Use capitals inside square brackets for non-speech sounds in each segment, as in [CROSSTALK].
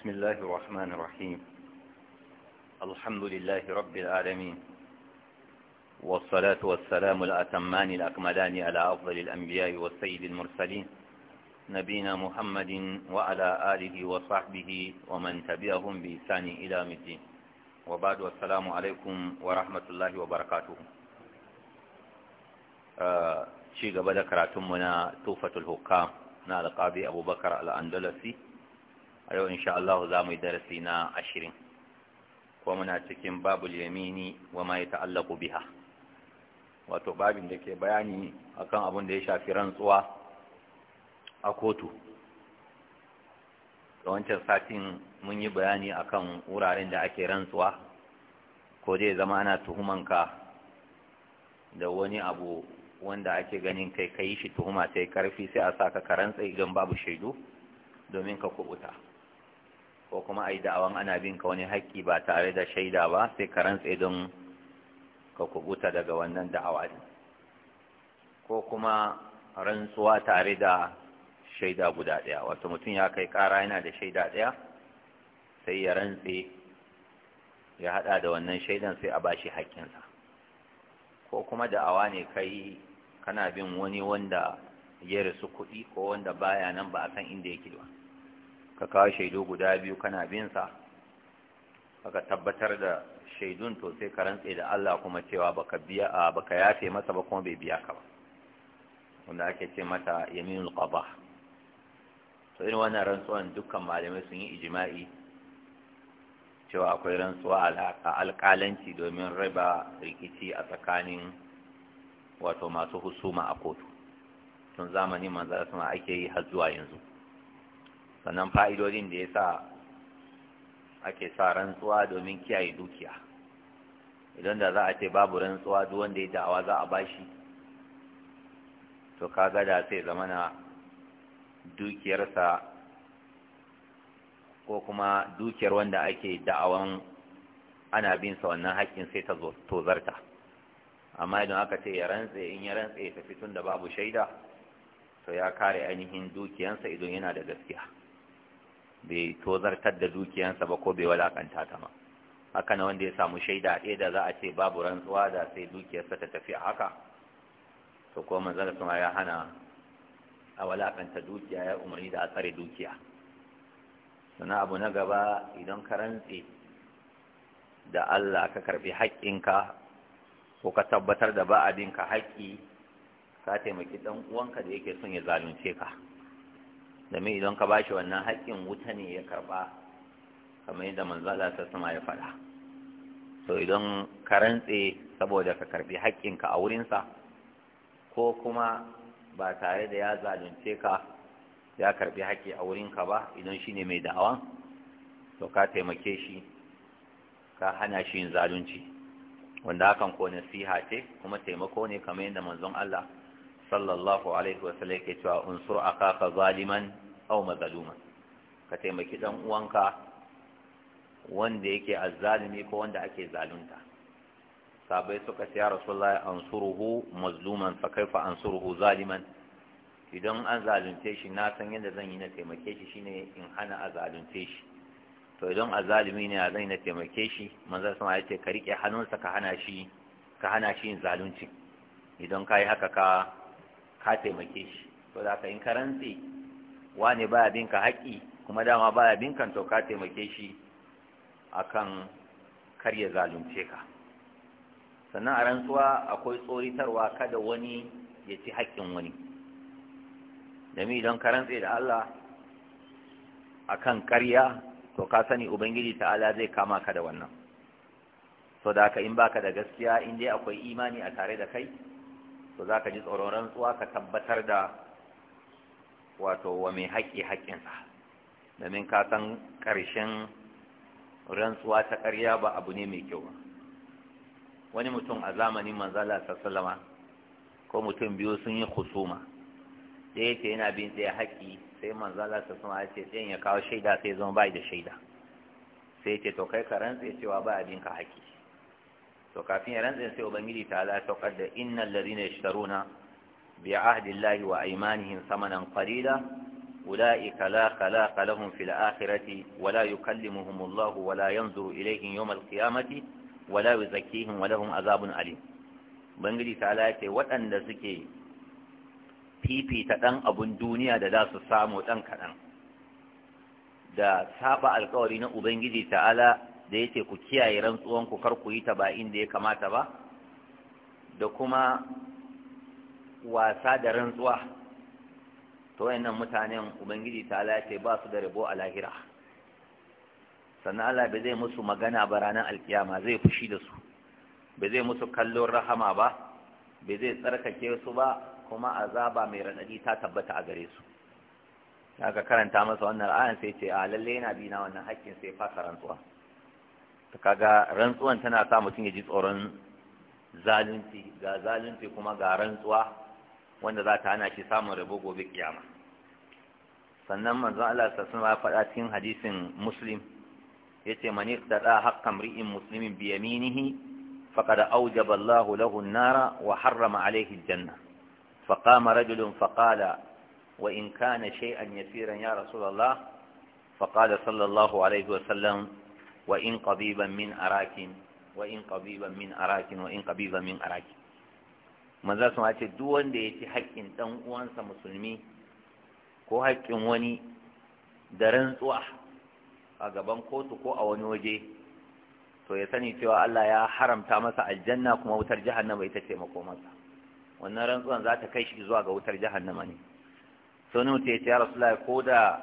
بسم الله الرحمن الرحيم الحمد لله رب العالمين والصلاة والسلام الأتمان الأكملان على أفضل الأنبياء والسيد المرسلين نبينا محمد وعلى آله وصحبه ومن تبعهم بإحسان إلى الدين وبعد والسلام عليكم ورحمة الله وبركاته شيء قبل كراتمنا توفة الحكام نال قاضي أبو بكر الأندلسي a yau insha Allah za mu yi darasi na ashirin ko muna cikin babu yamini wa ma yata'allaqu biha wato babin da ke bayani akan abin da ya shafi rantsuwa a kotu da wancan satin mun yi bayani akan wuraren da ake rantsuwa ko dai zama ana ka da wani abu wanda ake ganin kai kai shi tuhuma sai karfi sai a saka ka karantsa idan babu shaidu domin ka kubuta ko kuma a yi da'awan ana bin ka wani haƙƙi ba tare da shaida ba sai ka rantse don ka kubuta daga wannan da'awa din ko kuma rantsuwa tare da shaida guda ɗaya wato mutum ya kai ƙara yana da shaida ɗaya sai ya rantse ya haɗa da wannan shaidan sai a ba shi haƙƙinsa ko kuma da'awa ne kai kana bin wani wanda ya rasu kuɗi ko wanda baya nan ba a san inda yake ba ka kawo shaidu guda biyu kana bin sa tabbatar da shaidun to sai ka rantse da Allah kuma cewa baka biya baka yafe masa ba kuma bai biya ka ba wanda ake ce mata yaminul qada to irin wannan rantsuwan dukkan malamai sun yi ijma'i cewa akwai rantsuwa a alƙalanci domin raba rikici a tsakanin wato masu husuma a kotu tun zamanin manzara suna ake yi har zuwa yanzu sannan fa'idodin da ya sa ake sa rantsuwa domin kiyaye dukiya idan da za a ce babu rantsuwa duk wanda ya da'awa za a bashi to kaga da sai zamana dukiyarsa ko kuma dukiyar wanda ake da'awan ana bin sa wannan haƙƙin sai ta tozarta amma idan aka ce ya rantse in ya rantse ya tafi tun da babu shaida to ya kare ainihin dukiyansa idan yana da gaskiya bai tozartar da dukiyansa ba ko bai walakanta ta ma haka na wanda ya samu shaida ɗaya da za a ce babu rantsuwa da sai dukiyarsa ta tafi a haka to ko manzon sama ya hana a walakanta dukiya ya umarni da a tsare dukiya sannan abu na gaba idan ka rantse da Allah ka karbi haƙƙinka ko ka tabbatar da ba ba'adinka haƙƙi ka taimaki ɗan uwanka da yake son ya zalunce ka domin idan ka bashi wannan haƙƙin wuta ne ya karɓa kamar yadda manzala ta sama ya faɗa so idan ka rantse saboda ka karɓi haƙƙinka a wurinsa ko kuma ba tare da ya zalunce ka ya karɓi haƙƙi a wurinka ba idan shi ne mai da'awa to ka taimake shi ka hana shi yin zalunci wanda hakan ko nasiha ce kuma taimako ne kamar yadda manzon Allah sallallahu alaihi wasallam yake cewa unsur akaka zaliman aw mazluman ka taimaki dan uwanka wanda yake azzalimi ko wanda ake zalunta sabai suka ce ya rasulullahi ansuruhu mazluman fa kaifa ansuruhu zaliman idan an zalunce shi na san yadda zan yi na taimake shi shine in hana a zalunce shi to idan ne a zan yi na taimake shi manzon sama ya ce ka rike hannunsa ka hana shi ka hana shi yin zalunci idan ka yi haka ka ka taimake shi to da ka yi karanti wani baya bin ka haƙƙi kuma dama baya bin kan to ka taimake shi akan kar zalunce ka sannan a rantsuwa akwai tsoritarwa kada wani ya ci haƙƙin wani dami don ka rantse da Allah akan karya to ka sani ubangiji ta'ala zai kama ka da wannan so da aka in baka da gaskiya in dai akwai imani a tare da kai to za ka ji tsoron rantsuwa ka tabbatar da wato wa mai haƙƙi haƙƙinsa domin ka san ƙarshen rantsuwa ta ƙarya ba abu ne mai kyau ba wani mutum a zamanin manzala sassalama ko mutum biyu sun yi husuma ɗaya ce yana bin ɗaya haƙƙi sai manzala sassalama ya ce ɗayan ya kawo shaida sai zama bai da shaida sai ce to kai ka rantse cewa ba abin ka haƙƙi to kafin ya rantsa ubangiji ta la ta qadda innal ladina yashtaruna bi ahdi llahi wa aymanihim thamanan qalila ulaika la khalaqa lahum fil akhirati wa la yukallimuhum allah wa la yanzuru ilayhim yawm al qiyamati wa la yuzakkihim wa lahum azabun Ali. ubangiji ta ya ce waɗanda suke fifita ɗan abun duniya da za su samu ɗan kaɗan. da saba alkawari na ubangiji ta'ala da yake ku kiyaye rantsuwan ku kar ku yi ta ba inda ya kamata ba da kuma wasa da rantsuwa to wayannan mutanen ubangiji ta ce ba su da rabo a lahira sannan Allah bai zai musu magana ba ranar alkiyama zai fushi da su bai zai musu kallon rahama ba bai zai tsarkake su ba kuma azaba mai raɗaɗi ta tabbata a gare su aka karanta masa wannan ayan sai ce a lalle yana bi na wannan haƙƙin sai fasa rantsuwa ta kaga rantsuwan tana sa mutum ya ji tsoron zalunci ga zalunci kuma ga rantsuwa wanda za ta hana shi samun rabo gobe kiyama sannan manzon Allah sallallahu alaihi faɗa cikin hadisin muslim yace man yaqtada haqqan ri'in muslimin bi yaminihi faqad awjaba Allah lahu an-nara wa harrama alayhi al-janna فقام رجل فقال وإن كان شيئا يسيرا يا رسول الله فقال صلى الله عليه وسلم wa in qabiban min arakin wa in qabiban min arakin wa in qabiban min arakin manzo sun ce duk wanda ya ci haƙƙin ɗan uwansa musulmi ko haƙƙin wani da rantsuwa a gaban kotu ko a wani waje to ya sani cewa Allah ya haramta masa aljanna kuma wutar jahannama ita ce makomarsa wannan rantsuwan za ta kai shi zuwa ga wutar jahannama ne sunan ne ya ce ya rasulullahi ko da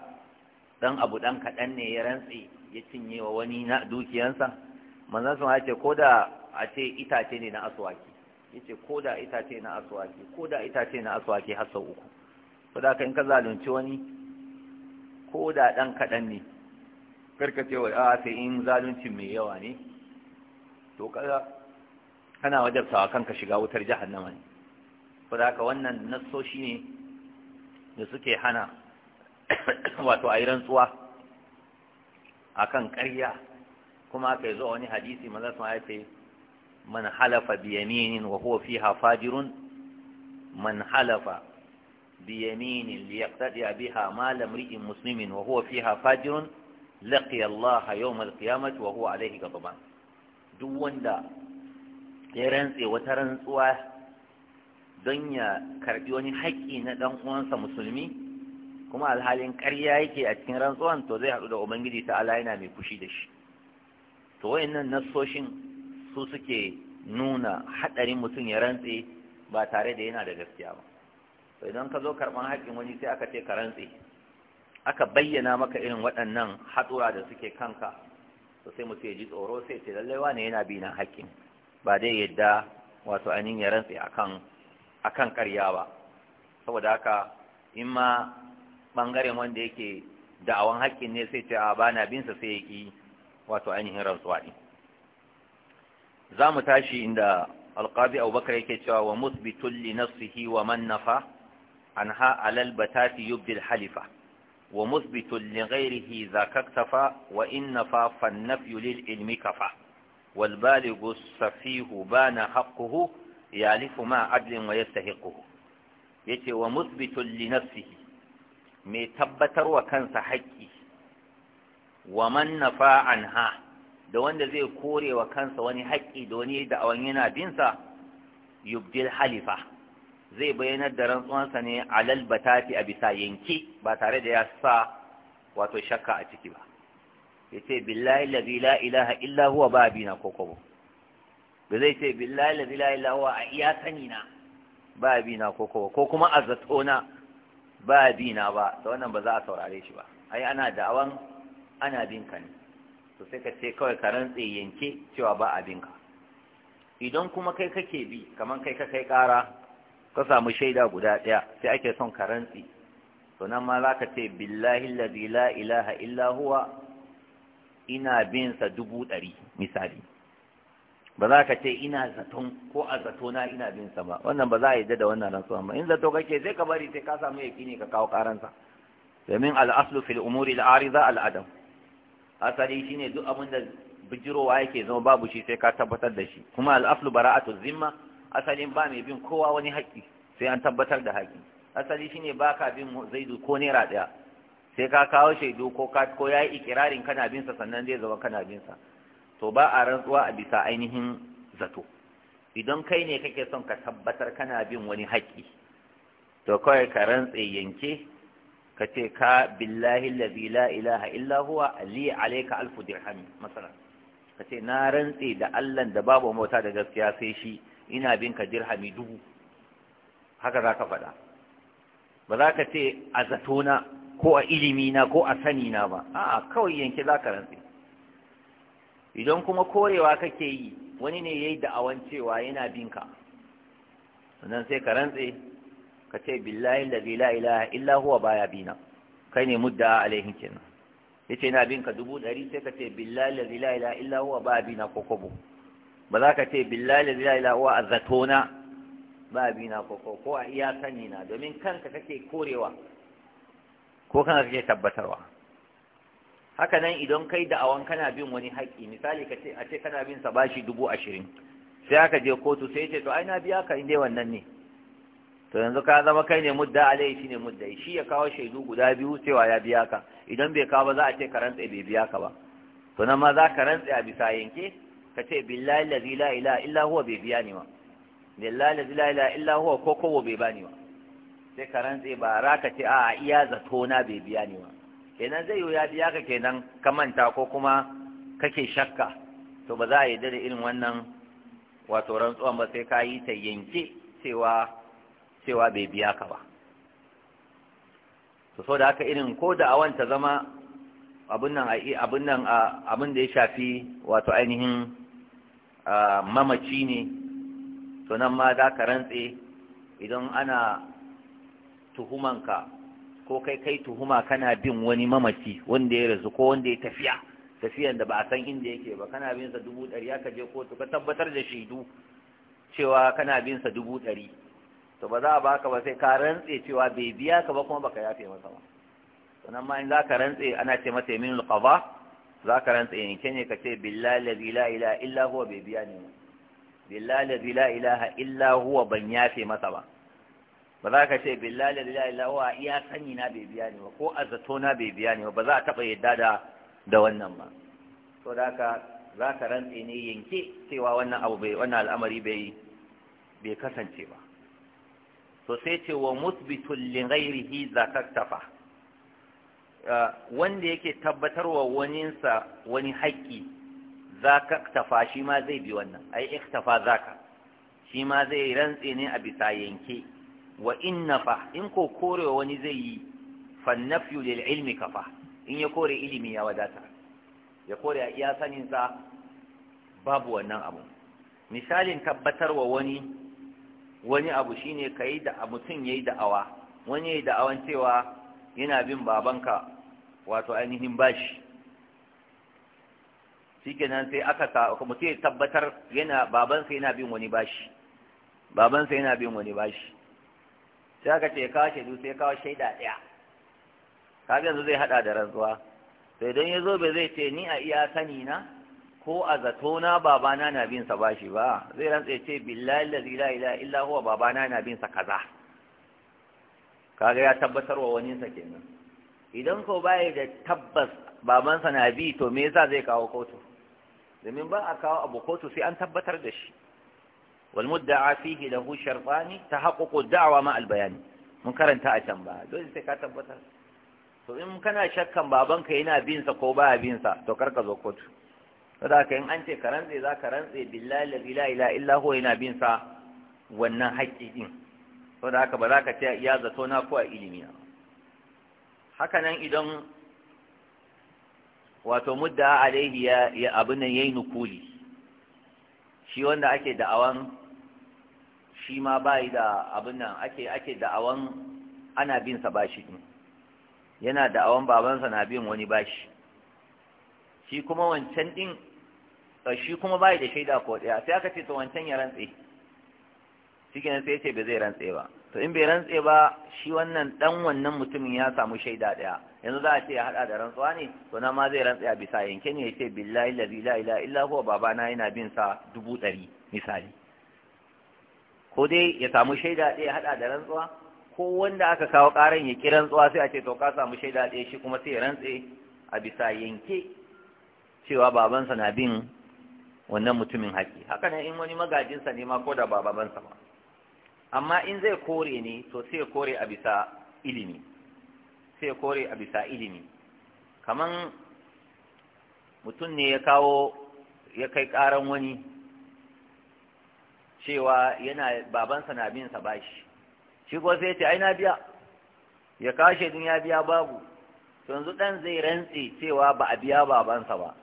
dan abu dan kaɗan ne ya rantsi ya cinye wa wani na dukiyansa manzan sun ce ko da a ce itace ne na aswaki ce ko da itace na aswaki ko da itace na aswaki har sau uku da kan ka zalunci wani ko da dan kaɗan ne karka ce wa a sai in zalunci mai yawa ne to kaza kana wajabtawa kanka shiga wutar jahannama ne da haka wannan nasoshi ne da suke hana [COUGHS] wato a yi rantsuwa akan ƙarya kuma aka yi zuwa wani hadisi maza sun haife man halafa biyaminin wa huwa fiha fajirun man halafa biyaminin liyaqtadi biha ma lam ri'in muslimin wa huwa fiha fajirun laqiya Allah yawm al-qiyamati wa huwa alayhi ghadban duk wanda ya rantse wata rantsuwa don ya karbi wani haƙƙi na dan uwansa musulmi kuma alhalin ƙarya yake a cikin rantsuwan to zai haɗu da ubangiji ta ala yana mai fushi da shi to wayannan nasoshin su suke nuna haɗarin mutum ya rantse ba tare da yana da gaskiya ba to idan ka zo karɓan haƙƙin wani sai aka ce ka rantse aka bayyana maka irin waɗannan hatsura da suke kanka to sai mutum ya ji tsoro sai ce lallai wane yana bi na haƙƙin ba dai yadda wato ainihin ya rantse akan akan ƙarya ba saboda haka in ma bangaren wanda yake da'awan haƙƙin ne sai ce a bana binsa sai ya ƙi wato ainihin rantsuwa ne za mu tashi inda alƙazi abubakar yake cewa wa musbitun li nafsihi wa man nafa an ha alal batati yubdil halifa wa musbitun li ghairihi zakaktafa wa in nafa fan nafyu lil ilmi kafa wal balighu safihu bana haqquhu yalifu ma adlin wa yastahiquhu yace wa musbitun li nafsihi mai tabbatar wa kansa haƙƙi wa man nafa anha da wanda zai kore wa kansa wani haƙƙi da wani awan yana binsa yubdil halifa zai bayyanar da rantsuwansa ne alal batati a bisa yanki ba tare da ya sa wato shakka a ciki ba yace ce billahi lazi la ilaha illa huwa babina da zai ce billahi la ilaha huwa a iya sani na ba ko kobo ko kuma a zato na ba bina ba ta wannan ba za a saurare shi ba ai ana da'awan ana ka ne to sai ka ce kawai ka rantse yanke cewa ba a binka idan kuma kai kake bi kaman kai ka kai kara ka samu shaida guda ɗaya sai ake son ka rantse to nan ma za ka ce billahi la ilaha illa huwa ina binsa dubu ɗari misali ba za ka ce ina zaton ko a zatona ina bin sa ba wannan ba za a yi da wannan rantsuwa ba in zato kake sai ka bari sai ka samu yakini ka kawo karansa domin al'aslu fil umuri al'ariza al'adam asali shine duk abin da bijirowa yake zama babu shi sai ka tabbatar da shi kuma al'aslu bara'atu zimma asalin ba mai bin kowa wani haƙƙi sai an tabbatar da haƙƙi asali shine baka bin zaidu ko naira ɗaya sai ka kawo shaidu ko ka ko yayi ikirarin kana bin sa sannan zai zama kana bin sa to ba a rantsuwa a bisa ainihin zato idan kai ne kake son ka tabbatar kana bin wani haƙƙi to kawai ka rantse yanke ka ce ka billahi allazi la ilaha illa huwa ali alayka alfu dirham masalan ka ce na rantse da Allah da babu mota da gaskiya sai shi ina bin ka dirhami dubu haka za ka faɗa ba za ka ce a zatona ko a ilimina ko a sanina ba a'a kawai yanke za ka rantse idan kuma korewa kake yi wani ne yayi da'awan cewa yana bin ka sannan sai ka rantse ka ce billahi allazi la ilaha illa huwa baya bina kai ne mudda alaihin kenan yace yana bin ka dubu ɗari sai ka ce billahi allazi la ilaha illa huwa baya bina ko kobo ba za ka ce billahi da la ilaha huwa azzatona ba bina ko ko ko a iya sani na domin kanka kake korewa ko kanka kake tabbatarwa haka nan idan kai da'awan kana bin wani haƙƙi misali ka ce a ce kana bin sa bashi dubu ashirin sai aka je kotu sai ya ce to ai na biya ka inda wannan ne to yanzu ka zama kai ne mudda alai shi ne mudda shi ya kawo shaidu guda biyu cewa ya biya ka idan bai kawo ba za a ce ka rantse bai biya ka ba to nan ma za ka rantse a bisa yanke ka ce billahi allazi la ilaha illa huwa bai biya ni ba billahi allazi la ilaha illa huwa ko kowa bai bani ba sai ka rantse ba ra ka ce a iya zato na bai biya ni ba kenan zai yi ya biya ka kenan ka manta ko kuma kake shakka to ba za a yi da irin wannan wato rantsuwan ba sai ka yi ta yanke cewa cewa bai biya ka ba to so da haka irin ko da awan ta zama abin nan abin nan abin da ya shafi wato ainihin mamaci ne to nan ma za ka rantse idan ana tuhumanka ko kai kai tuhuma kana bin wani mamaci wanda ya rasu ko wanda ya tafiya tafiyan da ba a san inda yake ba kana bin sa dubu ɗari aka je kotu ka tabbatar da shaidu cewa kana bin sa dubu ɗari to ba za a baka ba sai ka rantse cewa bai biya ka ba kuma baka yafe masa ba sannan ma in za ka rantse ana ce masa yamin qada za ka rantse yanke ne ka ce billahi allazi la ilaha illa huwa bai biya ne billahi allazi la ilaha illa huwa ban yafe masa ba ba za ka ce billahi lillahi lawa iya sani na bai biya ne ba ko azato na bai biya ne ba ba za a taba yadda da da wannan ba to da ka za ka rantse ne yanke cewa wannan abu bai wannan al'amari bai bai kasance ba to sai ce wa musbitul li ghairihi zakaktafa wanda yake tabbatarwa waninsa wani haƙƙi zakaktafa shi ma zai bi wannan ai iktafa zaka shi ma zai rantse ne a bisa yanke wa in nafa in ko korewa wani zai yi fannafyu lil ilmi kafa in ya kore ilimi ya wadata ya kore a iya saninsa babu wannan abu misalin tabbatarwa wani wani abu shine ka yi da mutum ya yi da'awa wani ya yi da'awan cewa yana bin babanka wato ainihin bashi shi kenan sai aka sa mutum ya tabbatar yana babansa yana bin wani bashi babansa yana bin wani bashi sai aka ce kawo shaidu sai kawo shaida ɗaya kaga yanzu zai haɗa da rantsuwa sai don ya zo bai zai ce ni a iya sani na ko a zato na babana na bin sa bashi ba zai rantsa ce billahi la ilaha illa huwa babana na bin sa kaza kaga ya tabbatar wa wani sa kenan idan ko baya da tabbas babansa na bi to me yasa zai kawo kotu domin ba a kawo abu kotu sai an tabbatar da shi والمدعى فيه له شرطان تحقق الدعوة مع البيان mun karanta a can ba dole sai ka tabbatar to in kana shakkan babanka yana bin sa ko baya bin sa to karka zo kotu saboda haka in an ce ka rantse za ka rantse billahi la ilaha illa huwa bin sa wannan haƙƙi din saboda haka ba za ka ce ya zato na ko a ilimi na haka nan idan wato mudda alaihi ya abin nan yayi nukuli shi wanda ake da'awan shi ma bayi da abin nan ake ake da'awan ana bin sa bashi din yana da'awan babansa na bin wani bashi shi kuma wancan din eh, shi kuma bayi da shaida ko daya sai aka ce to wancan ya rantse shi kenan sai ya ce ba zai rantse ba to in bai rantse ba shi wannan dan wannan mutumin ya samu shaida daya yanzu za a ce ya hada da rantsuwa ne to na ma zai rantse a bisa yanke ne ya ce billahi la ilaha illa huwa babana yana bin sa dubu ɗari misali ko dai ya samu shaida ɗaya haɗa da rantsuwa ko wanda aka kawo ƙaran ya ƙi rantsuwa sai a ce to ka samu shaida ɗaya shi kuma sai ya rantse a bisa yanke cewa babansa na bin wannan mutumin haƙi haka nan in wani magajinsa ne ma ko da ba babansa ba amma in zai kore ne to sai kore a bisa ilimi sai kore a bisa ilimi kaman mutum ne ya kawo ya kai ƙaran wani cewa yana babansa na bin sa bashi shi ko sai ya ce ai na biya ya kashe din ya biya babu to yanzu dan zai rantse cewa ba a biya babansa ba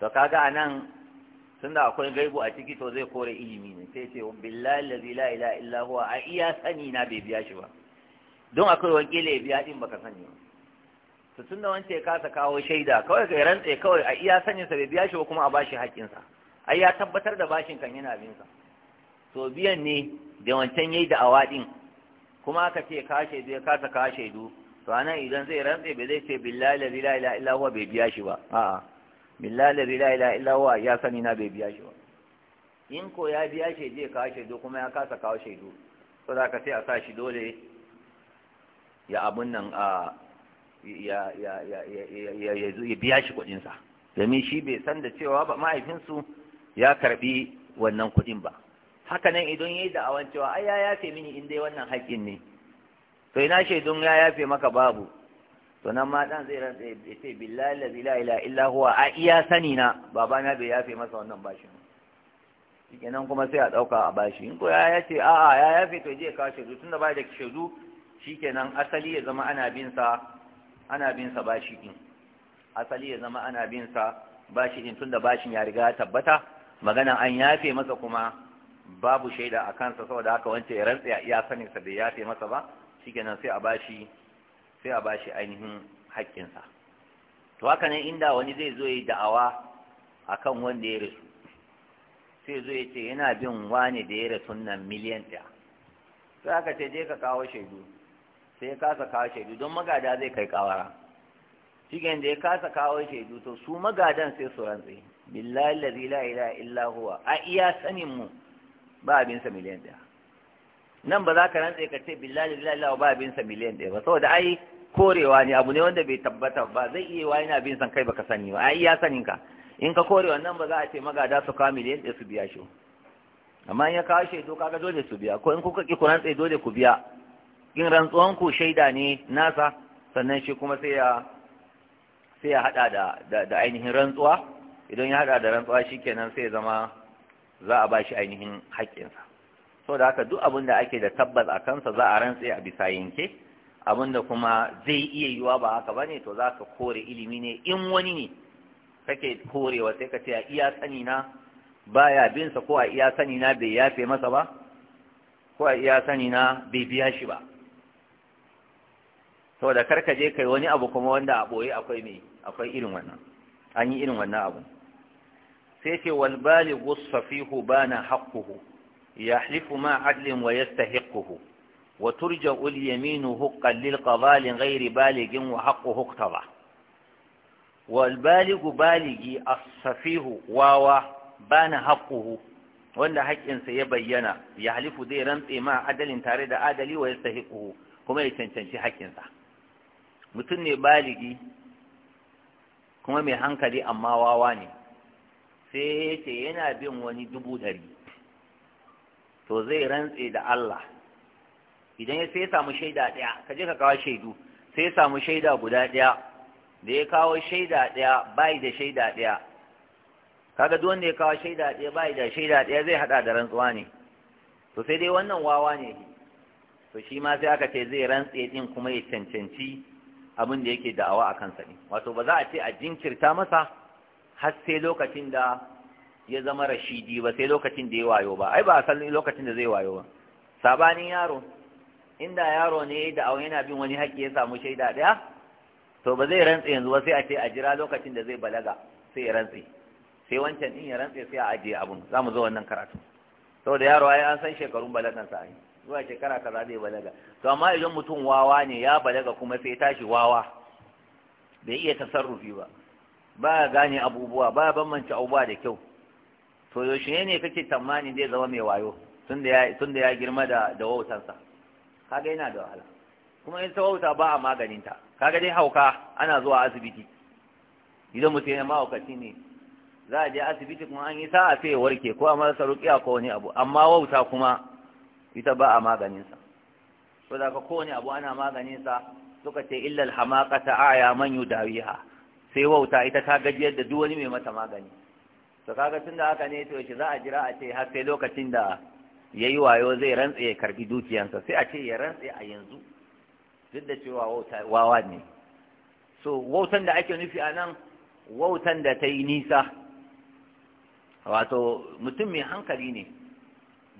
to kaga anan tunda akwai gaibu a ciki to zai kore ilimi ne sai ce billahi la ilaha illa huwa a iya sani na bai biya shi ba don akwai wakila ya biya din baka sani ba to tunda wance ka ta kawo shaida kawai ga rantse kawai a iya sani sa bai biya shi ba kuma a bashi haƙƙinsa ai ya tabbatar da bashin kan yana bin sa so biyan ne da wancan yayi da awadin kuma aka ce ka shaidu ya kasa ka shaidu to anan idan zai rantse ba zai ce billahi la ilaha illa huwa bai biya shi ba a'a billahi la ilaha illa huwa ya sani na bai biya shi ba in ko ya biya shi ya kawo shaidu kuma ya kasa kawo shaidu so za ka sai a sa shi dole ya abun nan a ya biya shi sa domin shi bai san da cewa ba mahaifinsu ya karbi wannan kudin ba haka nan idan yayi da'awan cewa ai ya yafe mini in dai wannan haƙƙin ne to ina shaidun ya yafe maka babu to nan ma dan zai rantsa ya ce billahi la ilaha illa huwa a iya sani na babana bai yafe masa wannan bashin kenan kuma sai a ɗauka a bashi in ko ya yace a'a ya yafe to je ka shaidu tunda ba da shaidu shikenan asali ya zama ana bin sa ana bin sa bashi din asali ya zama ana bin sa bashi din tunda bashin ya riga tabbata magana an yafe masa kuma babu shaida a kansa saboda haka wance ya rantsa iya sanin sa bai yafe masa ba shikenan sai a bashi sai a bashi ainihin haƙƙinsa to haka ne inda wani zai zo yi da'awa akan wanda ya rasu sai zo ya ce yana bin wani da ya rasu nan miliyan ɗaya to haka ce je ka kawo shaidu sai ya kasa kawo shaidu don magada zai kai kawara shigen da ya kasa kawo shaidu to su magadan sai su rantse billahi allazi la ilaha illa huwa a iya sanin mu ba abinsa miliyan ɗaya nan ba za ka rantse ka ce billahi lillahi ba abinsa miliyan ɗaya ba saboda ai korewa ne abu ne wanda bai tabbata ba zai iya wa yana abin san kai baka sani ba ai ya sani ka in ka kore wannan ba za a ce magada su kawo miliyan ɗaya su biya shi amma in ya kawo shaidu kaga dole su biya ko in kuka ki ku rantse dole ku biya in rantsuwan ku shaida ne nasa sannan shi kuma sai ya sai ya hada da da ainihin rantsuwa idan ya hada da rantsuwa shikenan sai ya zama za a ba shi ainihin haƙƙinsa so da haka duk abin da ake da tabbas a kansa za a rantse a bisa yanke abin da kuma zai iya yiwa ba haka ba ne, to za ka kore ilimi ne in wani ne kake korewa sai ka ce a iya sani na ya bin sa ko a iya sani na bai yafe masa ba ko a iya sani na bai biya shi ba da karka je kai wani abu kuma wanda a ɓoye akwai mai akwai irin wannan an yi irin wannan abu sai ce wal balighu safihu bana ya halifu ma adlin wa yastahiquhu wa turja'u al yaminu lil qada li ghairi wa haqquhu iqtada wal balighu balighi safihu wawa bana haqquhu wanda haƙƙinsa ya bayyana ya halifu zai rantse ma adalin tare da adali wa ya sahiƙuhu kuma ya cancanci haƙƙinsa mutum ne baligi kuma mai hankali amma wawa ne sai ya ce yana bin wani dubu ɗari to zai rantse da Allah idan ya sai ya samu shaida ɗaya ka je ka kawo shaidu sai ya samu shaida guda ɗaya da ya kawo shaida ɗaya bai da shaida ɗaya kaga duk wanda ya kawo shaida ɗaya bai da shaida ɗaya zai hada da rantsuwa ne to sai dai wannan wawa ne to shi ma sai aka ce zai rantse din kuma ya cancanci abin da yake da'awa a kansa ne wato ba za a ce a jinkirta masa har sai lokacin da ya zama rashidi ba sai lokacin da ya wayo ba ai ba a san lokacin da zai wayo ba sabanin yaro inda yaro ne da au yana bin wani haƙƙi ya samu shaida ɗaya to ba zai rantse yanzu ba sai a ce a jira lokacin da zai balaga sai ya rantsa sai wancan din ya rantsa sai a ajiye abun za mu zo wannan karatu saboda yaro ai an san shekarun balagansa ai zuwa shekara kaza zai balaga to amma idan mutum wawa ne ya balaga kuma sai tashi wawa bai iya tasarrufi ba ba ya gane abubuwa ba ya bambance abubuwa da kyau to yaushe ne kake tsammani zai zama mai wayo tun da ya girma da da wautansa kaga yana da wahala kuma in ta wauta ba a maganinta kaga dai hauka ana zuwa asibiti idan mutum ya mahaukaci ne za a je asibiti kuma an yi sa'a sai ya warke ko a marasa rukiya ko wani abu amma wauta kuma ita ba a maganinsa so da ka kowane abu ana maganinsa suka ce illal hamaqata aya man yudawiha sai wauta ita ta gajiyar da duk wani mai mata magani to kaga tun da haka ne to shi za a jira a ce har sai lokacin da ya yi wayo zai rantse ya karbi dukiyansa sai a ce ya rantse a yanzu duk da cewa wawa ne so wautan da ake nufi a nan wautan da ta yi nisa wato mutum mai hankali ne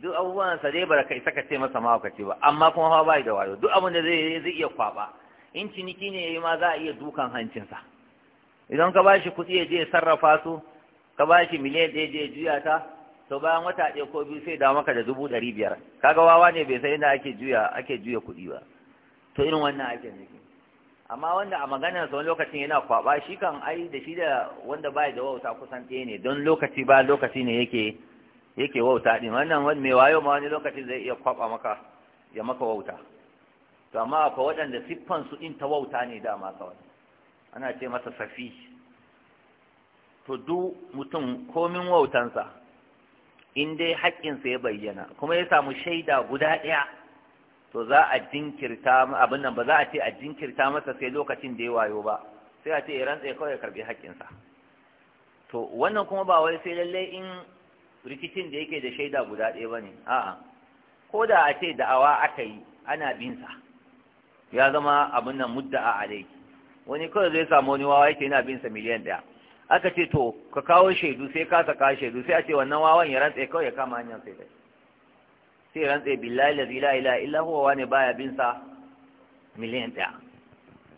duk abubuwan sa dai baraka isa ka ce masa ce ba amma kuma fa bai da wayo duk abin da zai zai iya kwaba in ciniki ne yayi ma za a iya dukan hancinsa idan ka bashi kuɗi ya je ya sarrafa su ka bashi miliyan ɗaya je ya juya ta to bayan wata ɗaya ko biyu sai da maka da dubu ɗari biyar kaga wawa ne bai san inda ake juya ake juya kuɗi ba to irin wannan ake nufi amma wanda a maganar sa wani lokacin yana kwaba shi kan ai da shi da wanda ba da wauta kusan ɗaya ne don lokaci ba lokaci ne yake yake wauta ɗin wannan wani mai wayo ma wani lokacin zai iya kwaba maka ya maka wauta to amma akwai waɗanda siffan su in ta wauta ne dama kawai ana ce masa safi to duk mutum komin wautansa in dai haƙƙinsa ya bayyana kuma ya samu shaida guda ɗaya to za a jinkirta abin nan ba za a ce a jinkirta masa sai lokacin da ya wayo ba sai a ce ya rantsa kawai karbi karɓi haƙƙinsa to wannan kuma ba wai sai lallai in rikicin da yake da shaida guda ɗaya ba ne a'a ko da a ce da'awa aka yi ana binsa ya zama abin nan mudda'a alaiki wani kawai zai samu wani wawa yake yana bin sa miliyan ɗaya aka ce to ka kawo shaidu sai ka saka shaidu sai a ce wannan wawan ya rantse kawai ya kama hanyar sai dai sai rantse billahi la ilaha illa illa huwa wani baya bin sa miliyan ɗaya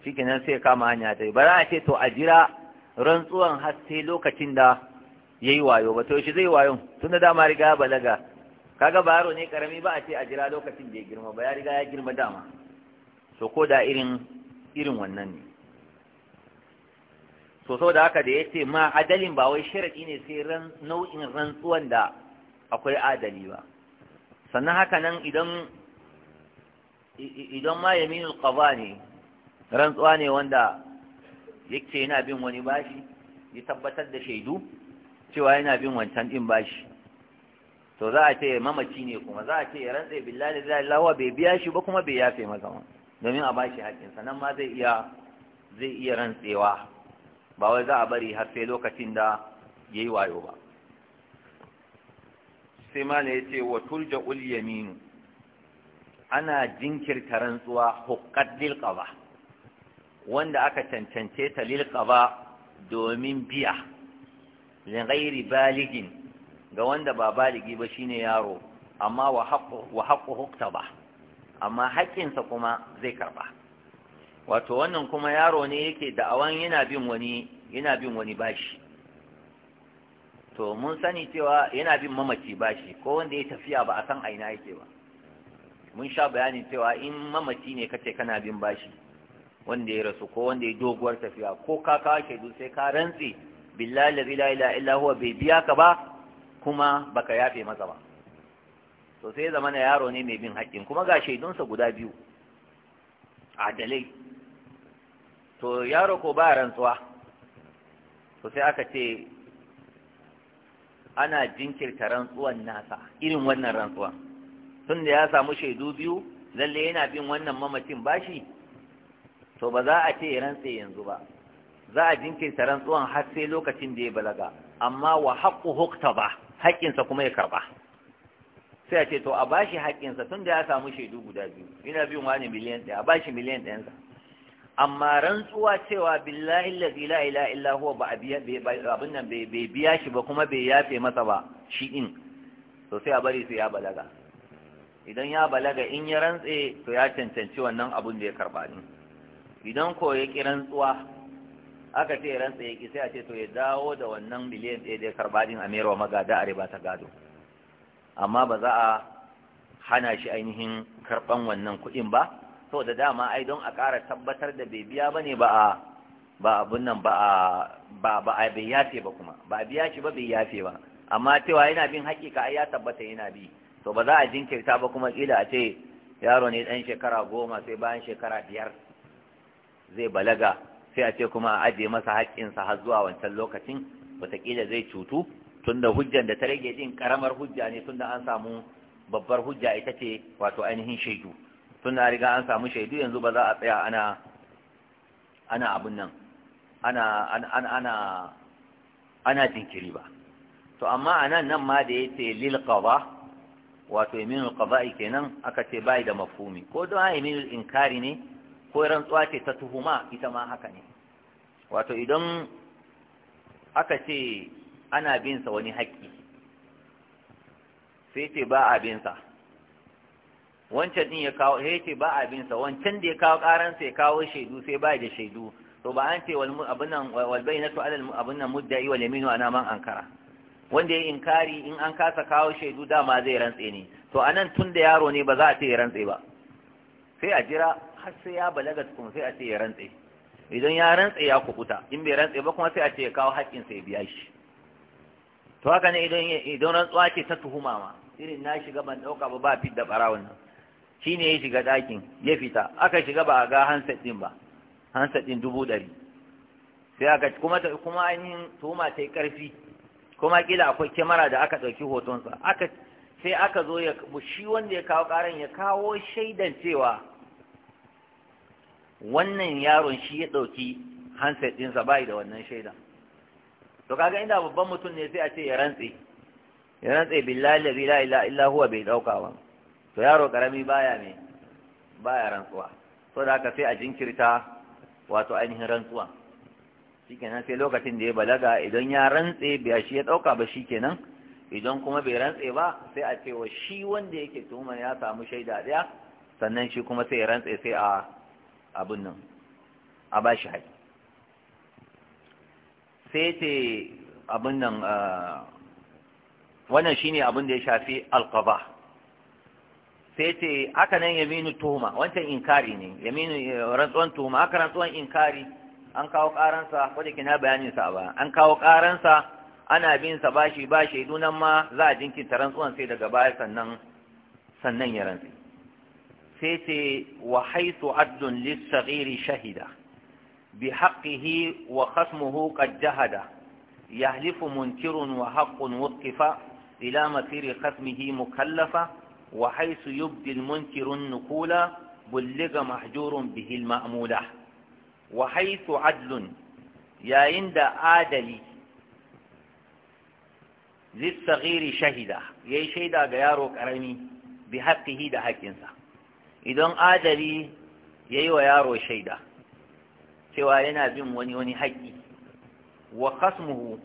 shikenan sai kama hanya ta ba za a ce to a jira rantsuwan har sai lokacin da yayi wayo ba to shi zai wayo tun da dama riga ya balaga kaga ba yaro ne karami ba a ce a jira lokacin da ya girma ba ya riga ya girma dama to ko da irin irin wannan ne so saboda haka da yace ma adalin ba wai sharaɗi ne sai ran nau'in rantsuwan da akwai adali ba sannan haka nan idan idan ma yaminul qada ne rantsuwa ne wanda yake yana bin wani bashi ya tabbatar da shaidu cewa yana bin wancan din bashi to za a ce mamaci ne kuma za a ce ya rantsa billahi la ilaha bai biya shi ba kuma bai yafe masa domin a bashi hakkin sannan ma zai iya zai iya rantsewa ba wai za a bari har sai lokacin da ya yi wayo ba sai ma ne ya ce wa turja ulyaminu ana jinkirta rantsuwa hukkat lilqaba wanda aka cancance ta lilkaba domin biya lin baligin ga wanda ba baligi ba shine yaro amma wa haqqu hukta ba, amma haƙƙinsa kuma zai karɓa. wato wannan kuma yaro ne yake da'awan yana bin wani yana bin wani bashi to mun sani cewa yana bin mamaci bashi ko wanda ya tafiya ba a san aina yake ba mun sha bayanin cewa in mamaci ne kace kana bin bashi wanda ya rasu ko wanda ya doguwar tafiya ko ka kawo shaidu sai ka rantse billahi la ilaha illa huwa bai biya ka ba kuma baka yafe masa ba to sai zama na yaro ne mai bin haƙƙin kuma ga shaidunsa guda biyu adalai to yaro ko ba rantsuwa to sai aka ce ana jinkirta rantsuwan nasa irin wannan rantsuwan tun da ya samu shaidu biyu lalle yana bin wannan mamacin bashi to ba za a ce ya rantse yanzu ba za a jinkirta rantsuwan har sai lokacin da ya balaga amma wa haƙƙu hukta ba haƙƙinsa kuma ya karɓa sai a ce to a bashi haƙƙinsa tun da ya samu shaidu guda biyu ina bin wani miliyan ɗaya a bashi miliyan ɗayansa amma rantsuwa cewa billahi allazi la ilaha illa huwa ba abin nan bai biya shi ba kuma bai yafe masa ba shi din to sai a bari sai ya balaga idan ya balaga in ya rantse to ya cancanci wannan abun da ya karba din idan ko ya ki rantsuwa aka ce rantsa ya ki sai a ce to ya dawo da wannan miliyan ɗaya da ya karba din a mero magada a riba ta gado amma ba za a hana shi ainihin karban wannan kuɗin ba da dama ai don a ƙara tabbatar da bai biya bane ba a ba nan ba a bai yafe ba kuma ba a biya shi ba bai yafe ba amma cewa yana bin haƙiƙa ai ya tabbata yana bi to ba za a jinkirta ba kuma kila a ce yaro ne ɗan shekara goma sai bayan shekara biyar zai balaga sai a ce kuma a ajiye masa haƙƙinsa har zuwa wancan lokacin wataƙila zai cutu tunda hujjan da ta rage din ƙaramar hujja ne tun da an samu babbar hujja ita ce wato ainihin shaidu tun da riga an samu shaidu yanzu ba za a tsaya ana ana abun nan ana ana ana ana jinkiri ba to amma anan nan ma da yace lil qada wato al qada'i kenan aka ce bai da mafhumi ko don da al inkari ne ko rantsuwa ce ta tuhuma ita ma haka ne wato idan aka ce ana bin sa wani haƙƙi sai ce ba a bin sa wancan din ya kawo ya ce ba abin sa wancan da ya kawo karan sai kawo shaidu sai ba da shaidu to ba an ce wal abun nan wal bainatu alal abun nan mudda'i wal yaminu ana man ankara wanda ya inkari in an kasa kawo shaidu dama zai rantse ne to anan tun da yaro ne ba za a ce ya rantse ba sai a jira har sai ya balaga tukun sai a ce ya rantse idan ya rantse ya kukuta in bai rantse ba kuma sai a ce ya kawo haƙƙin sai biya shi to haka ne idan idan rantsuwa ce ta tuhuma ma irin na shiga ban dauka ba ba fit da barawon nan shi ne ya shiga ɗakin ya fita aka shiga ba a ga hansa ɗin ba hansa ɗin dubu ɗari sai aka kuma kuma ainihin tuhuma ta yi ƙarfi kuma kila akwai kyamara da aka ɗauki hotonsa aka sai aka zo ya shi wanda ya kawo ƙaran ya kawo shaidan cewa wannan yaron shi ya ɗauki hansa ɗinsa bai da wannan shaidan to kaga inda babban mutum ne sai a ce ya rantse ya rantse billahi la ilaha illa huwa bai ɗauka ba to yaro karami baya ne baya rantsuwa so da haka sai a jinkirta wato ainihin rantsuwa shikenan sai lokacin da ya balaga idan ya rantse ba shi ya dauka ba shikenan idan kuma bai rantse ba sai a ce wa shi wanda yake tuma ya samu shaida daya sannan shi kuma sai ya rantse sai a abun nan a ba shi haƙi sai ce abun nan eh, wannan shine abin da ya shafi alqaba sai ce haka nan yaminu tuhuma wancan inkari ne yaminu eh, rantsuwan tuhuma haka rantsuwan inkari an kawo karansa wadda kina bayanin sa ba an kawo karansa ana bin sa bashi ba shaidu nan ma za a jinkirta rantsuwan sai daga baya sannan sannan ya rantsi sai ce wa haisu addun lissa shahida bi haqqihi wa khasmuhu qad jahada yahlifu munkirun wa haqqun wuqifa ila masiri khasmihi mukallafa wa haisu yubdi munkirun nukula bulliga mahjurun bihil ma'amula wa haisu adlun yayin da adali lissagiri shahida ya yi shaida ga yaro ƙarami bi haƙƙihi da haƙƙinsa idan adali ya yi wa yaro shaida cewa yana bin wani wani haƙƙi wa kasmuhu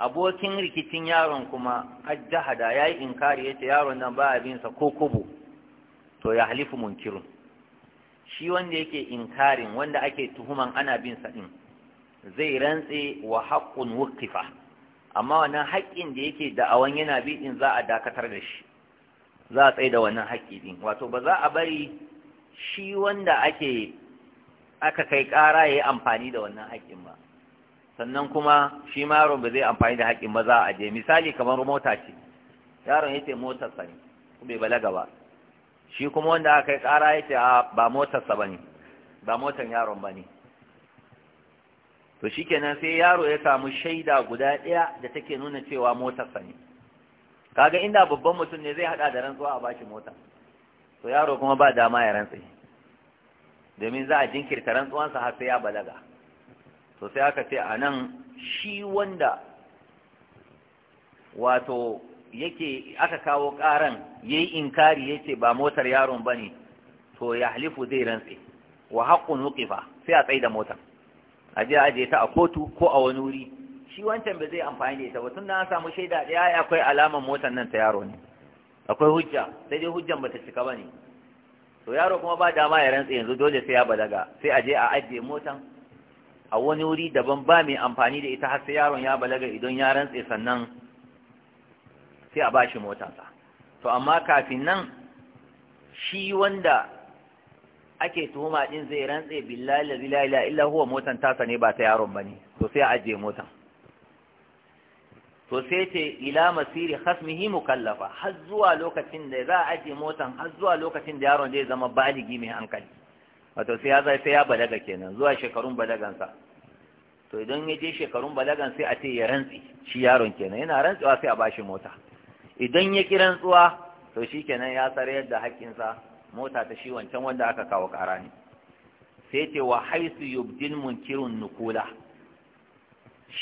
abokin rikicin yaron kuma ajjahada ya yi inkari ya ce yaron nan ba abinsa ko kubo to ya halifu munkirun shi wanda yake inkarin wanda ake tuhuman ana binsa ɗin zai rantse wa haƙƙun wukifa amma wannan haƙƙin da yake da'awan yana bi ɗin za a dakatar da shi za a tsaye da wannan haƙƙi ɗin wato ba za a bari shi wanda ake aka kai ƙara ya yi amfani da wannan haƙƙin ba sannan kuma shi ma yaron ba zai amfani da haƙƙin maza a je misali kamar mota ce yaron yace motar sa ne bai balaga ba shi kuma wanda aka yi ƙara yace a ba motar sa bane ba motar yaron bane to shikenan sai yaro ya samu shaida guda ɗaya da take nuna cewa motar sa ne kaga inda babban mutum ne zai hada da rantsuwa a bashi mota to yaro kuma ba dama ya rantse domin za a jinkirta rantsuwansa har sai ya balaga Sosai sai aka ce a nan shi wanda wato yake aka kawo ƙaran ya yi inkari ya ce ba motar yaron ba ne to ya halifu zai rantse wa haƙƙun wuƙifa sai a tsaye da motar a je aje ta a kotu ko a wani wuri shi wancan ba zai amfani da ita ba tun da an samu shaida ɗaya akwai alaman motar nan ta yaro ne akwai hujja sai dai hujjan bata cika ba ne to yaro kuma ba dama ya rantse yanzu dole sai ya balaga sai a je a ajiye motar. a wani wuri daban ba mai amfani da ita har sai yaron ya balaga idan ya rantse sannan sai a ba shi motarsa to amma kafin nan shi wanda ake tuhuma din zai rantse billahi la ilaha illa huwa motan tasa ne ba ta yaron bane to sai a ajiye motan to sai ce ila masiri khasmihi mukallafa har zuwa lokacin da za a aje motan har zuwa lokacin da yaron zai zama baligi mai hankali wato sai ya zai sai ya balaga kenan zuwa shekarun balagansa to idan ya je shekarun balagan sai a ce ya rantsi shi yaron kenan yana rantsuwa sai a bashi mota idan ya ki rantsuwa to shi kenan ya tsare yadda haƙƙinsa mota ta shi wancan wanda aka kawo ƙara ne sai ce wa haisu yubdin munkirun nukula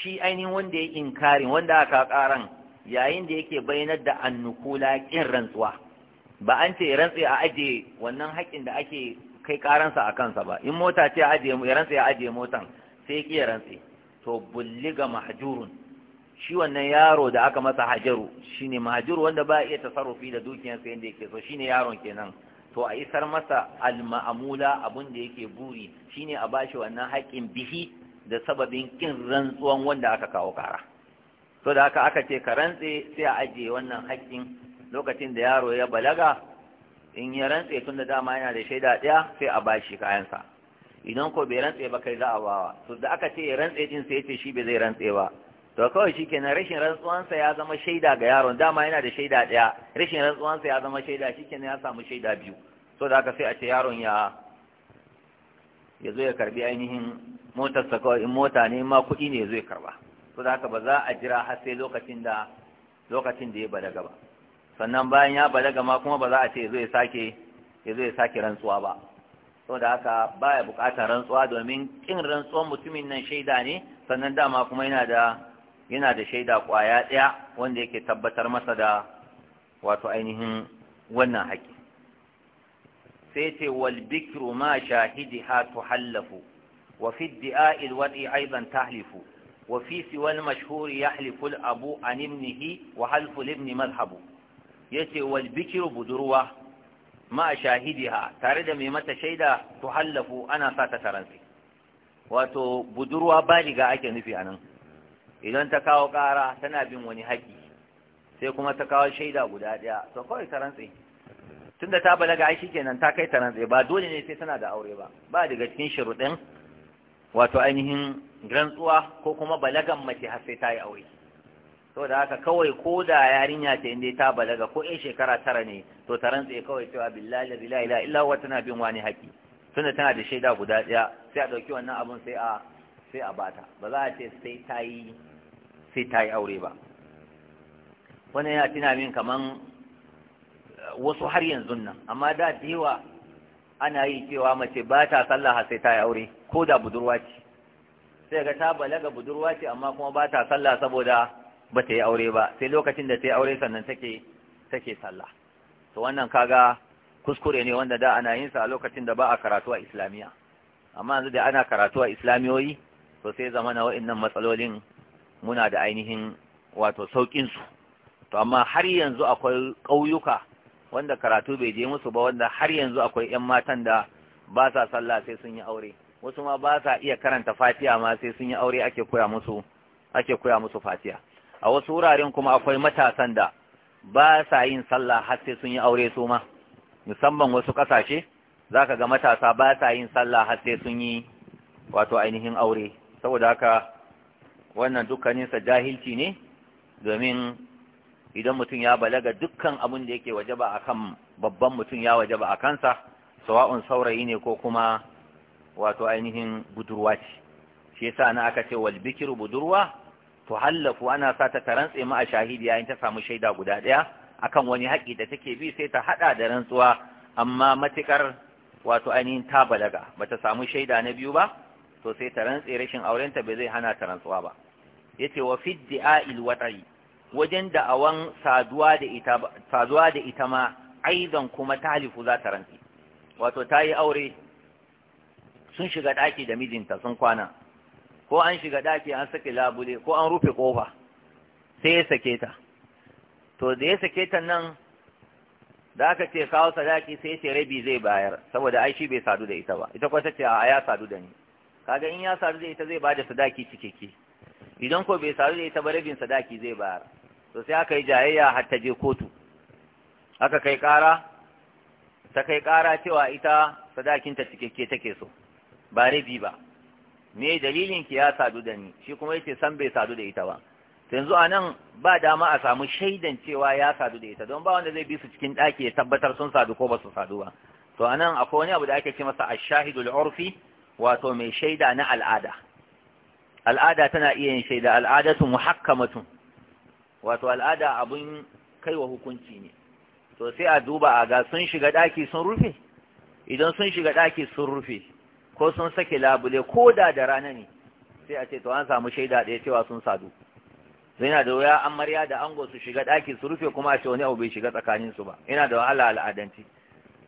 shi ainihin wanda ya inkarin wanda aka ƙaran yayin da yake bayyanar da annukula ƙin rantsuwa ba an ce rantsi a aje wannan haƙƙin da ake kai karansa a kansa ba in mota ce ya rantsa ya ajiye motan sai ki ya rantse to bulliga mahjurun shi wannan yaro da aka masa hajaru shine mahjuru wanda ba iya tasarrufi da dukiyarsa yanda yake so shine yaron kenan to a isar masa alma'amula abun da yake buri shine a bashi wannan haƙin bihi da sababin kin rantsuwan wanda aka kawo kara to da haka aka ce ka rantse sai a ajiye wannan haƙin lokacin da yaro ya balaga in ya rantse tun da dama yana da shaida ɗaya sai a bashi kayansa idan ko bai rantse ba kai za a bawa to da aka ce ya rantse din sai ce shi bai zai rantse ba to kawai kenan rashin rantsuwansa ya zama shaida ga yaron dama yana da shaida ɗaya rashin rantsuwansa ya zama shaida shi kenan ya samu shaida biyu so da aka sai a ce yaron ya ya zo ya karbi ainihin motarsa kawai in mota ne ma kuɗi ne ya zo ya karba so da aka ba za a jira har sai lokacin da lokacin da ya balaga ba sannan bayan ya balaga ma kuma ba za a ce zai sake ya zai sake rantsuwa ba saboda haka baya bukatar rantsuwa domin kin rantsuwar mutumin nan shaida ne sannan dama kuma yana da yana da shaida kwaya daya wanda yake tabbatar masa da wato ainihin wannan haƙi sai ce wal bikru ma shahidiha tuhallafu wa fi di'a'i alwadi aidan tahlifu wa fi siwal mashuri ya yahlifu abu an ibnihi wa halfu ibni yace wal bikiru budurwa ma shahidiha tare da mai mata shaida tuhallafu ana sa ta taransi wato budurwa baliga ake nufi anan idan ta kawo kara tana bin wani haƙi sai kuma ta kawo shaida guda ɗaya to kawai tarantse tunda ta balaga ai shikenan ta kai taransi ba dole ne sai tana da aure ba ba daga cikin shiruɗin wato ainihin rantsuwa ko kuma balagan mace har sai ta yi aure da haka kawai ko da yarinya ce inda ta balaga ko in shekara tara ne to ta rantse kawai cewa billahi la ilaha illa huwa tana bin wani haƙi tunda tana da shaida guda ɗaya sai a ɗauki wannan abun sai a sai a bata ba za a ce sai ta yi sai ta yi aure ba wannan yana tuna min kaman eh, wasu har yanzu nan amma da yawa ana yi cewa mace ba ta sallah sai ta yi aure ko da budurwa ce sai ga ta balaga budurwa ce amma kuma ba ta sallah saboda ba ta yi aure ba sai lokacin da ta yi aure sannan take sallah to wannan kaga kuskure ne wanda da ana yin sa a lokacin da ba a karatu a islamiya amma yanzu da ana karatu a islamiyoyi to sai zama na wa'annan matsalolin muna da ainihin wato saukin su to amma har yanzu akwai ƙauyuka wanda karatu bai je musu ba wanda har yanzu akwai 'yan matan da ba sa sallah sai sun yi aure wasu ma ba sa iya karanta fatiya ma sai sun yi aure ake koya musu ake koya musu fatiya a wasu wuraren kuma akwai matasan da ba sa yin sallah har sai sun yi aure su ma musamman wasu ƙasashe za ka ga matasa ba sa yin sallah har sai sun yi wato ainihin aure saboda haka wannan dukkaninsa jahilci ne domin idan mutum ya balaga dukkan abin da yake wajaba akan babban mutum ya wajaba a kansa sawa'un saurayi ne ko kuma wato ainihin budurwa ce shi yasa na aka ce wal budurwa To tuhallaku ana sa ta rantse mu a shahidi yayin ta samu shaida guda ɗaya akan wani haƙi da take bi sai ta haɗa da rantsuwa amma matukar wato ainihin ta balaga bata samu shaida na biyu ba to sai ta rantse rashin aurenta bai zai hana ta rantsuwa ba yace wa fi di'a'il watari wajen da'awan saduwa da ita saduwa da ita ma aidan kuma talifu za ta rantse wato ta yi aure sun shiga ɗaki da mijinta sun kwana ko an shiga ɗaki an saki labule ko an rufe ƙofa sai ya sake ta to da ya sake ta nan da aka ce kawo sadaki sai ce rabi zai bayar saboda ai shi bai sadu da ita ba ita kuma tace a ya sadu da ni kaga in ya sadu da ita zai bada sadaki cikeke idan ko bai sadu da ita ba rabin sadaki zai bayar to sai aka yi jayayya har ta je kotu aka kai ƙara ta kai ƙara cewa ita sadakinta cikeke take so ba rabi ba me dalilin ki ya sadu da ni shi kuma yace san bai sadu da ita ba yanzu anan nan ba dama a samu shaidan cewa ya sadu da ita don ba wanda zai bi su cikin daki ya tabbatar sun sadu ko ba su sadu ba to a akwai wani abu da ake ce masa a urfi wato mai shaida na al'ada al'ada tana iya yin shaida al'adatun muhakkamatun wato al'ada abun kaiwa hukunci ne to sai a duba a ga sun shiga daki sun rufe idan sun shiga daki sun rufe ko sun sake labule ko da da rana ne sai a ce to an samu shaida ɗaya cewa sun sadu yana da wuya amarya da ango su shiga ɗaki su rufe kuma a ce wani abu bai shiga tsakanin su ba yana da wahala al'adanci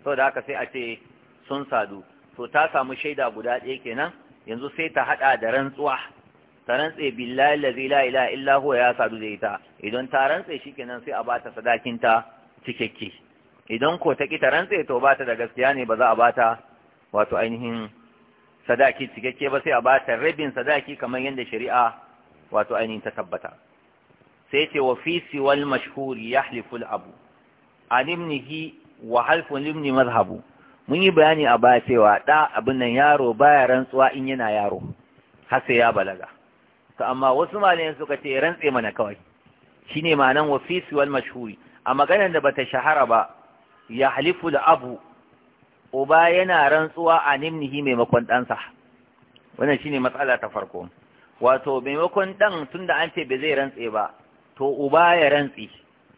da haka sai a ce sun sadu to ta samu shaida guda ɗaya kenan yanzu sai ta haɗa da rantsuwa ta rantse billahi allazi la ilaha illa huwa ya sadu da ita idan ta rantse shikenan sai a bata sadakin ta cikakke idan ko ta ki ta rantse to bata da gaskiya ne ba za a bata wato ainihin sadaki cikakke ba sai a ba ta rabin sadaki kamar yadda shari'a wato ainihin ta tabbata sai ce wa fi siwal mashhuri yahlifu al-abu an wa halfu limni mazhabu mun yi bayani a baya cewa da abin nan yaro baya rantsuwa in yana yaro har sai ya balaga to amma wasu malayen suka ce rantse mana kawai shine ma'anan wa fi siwal mashhuri a maganar da bata shahara ba yahlifu al-abu uba yana rantsuwa a nimnihi maimakon ɗansa wannan shine matsala ta farko wato maimakon ɗan tunda an ce bai zai rantse ba to uba ya rantsi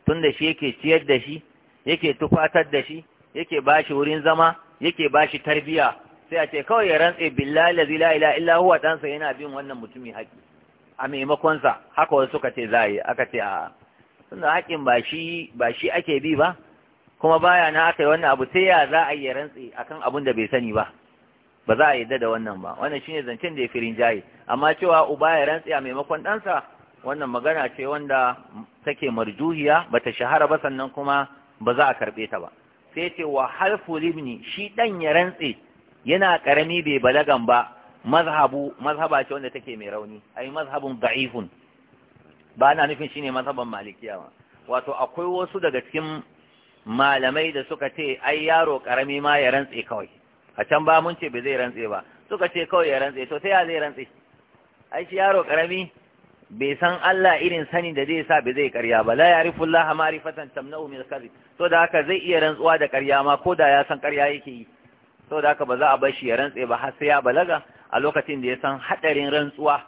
tunda shi yake ciyar da shi yake tufatar da shi yake ba shi wurin zama yake ba shi tarbiya sai a ce kawai ya rantse billahi la illa huwa ɗansa yana bin wannan mutumi haƙi a maimakonsa haka wasu suka ce za yi aka ce a ba shi ba shi ake bi ba kuma baya na aka yi wannan abu sai ya za a yi rantsi akan abun da bai sani ba ba za a yadda da wannan ba wannan shine zancen da ya firin jaye amma cewa uba ya rantsi a maimakon ɗansa wannan magana ce wanda take marjuhiya ta shahara ba sannan kuma ba za a karɓe ta ba sai ce wa halfu libni shi ɗan ya rantsi yana ƙarami bai balagan ba mazhabu mazhaba ce wanda take mai rauni ai mazhabun da'ifun ba ana nufin shine mazhaban malikiya ba wato akwai wasu daga cikin malamai da suka ce ai yaro karami ma ya rantse kawai a can ba mun ce bai zai rantse ba suka ce kawai ya rantse to ta ya zai rantse ai shi yaro karami bai san Allah irin sani da zai sa bai zai karya ba la ya'rifu Allah ma'rifatan tamna'u min al-kadhib to da haka zai iya rantsuwa da karya ma ko da ya san karya yake yi to da haka ba za a bar shi ya rantse ba har sai ya balaga a lokacin da ya san hadarin rantsuwa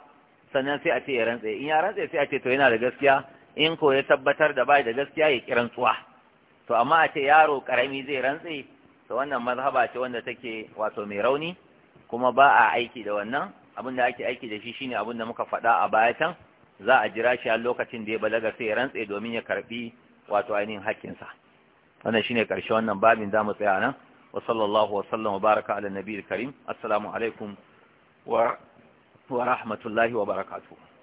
sannan sai a ce ya rantse in ya rantse sai a ce to yana da gaskiya in ko ya tabbatar da bai da gaskiya ya ki rantsuwa to amma a ce yaro karami zai rantse to wannan mazhaba ce wanda take wato mai rauni kuma ba a aiki da wannan abinda ake aiki da shi shine abinda muka faɗa a baya can za a jira shi a lokacin da ya balaga sai rantse domin ya karbi wato ainihin haƙƙinsa wannan shine karshe wannan babin zamu tsaya nan wa sallallahu wa sallam wa baraka ala nabiyil karim assalamu alaikum wa wa rahmatullahi wa barakatuh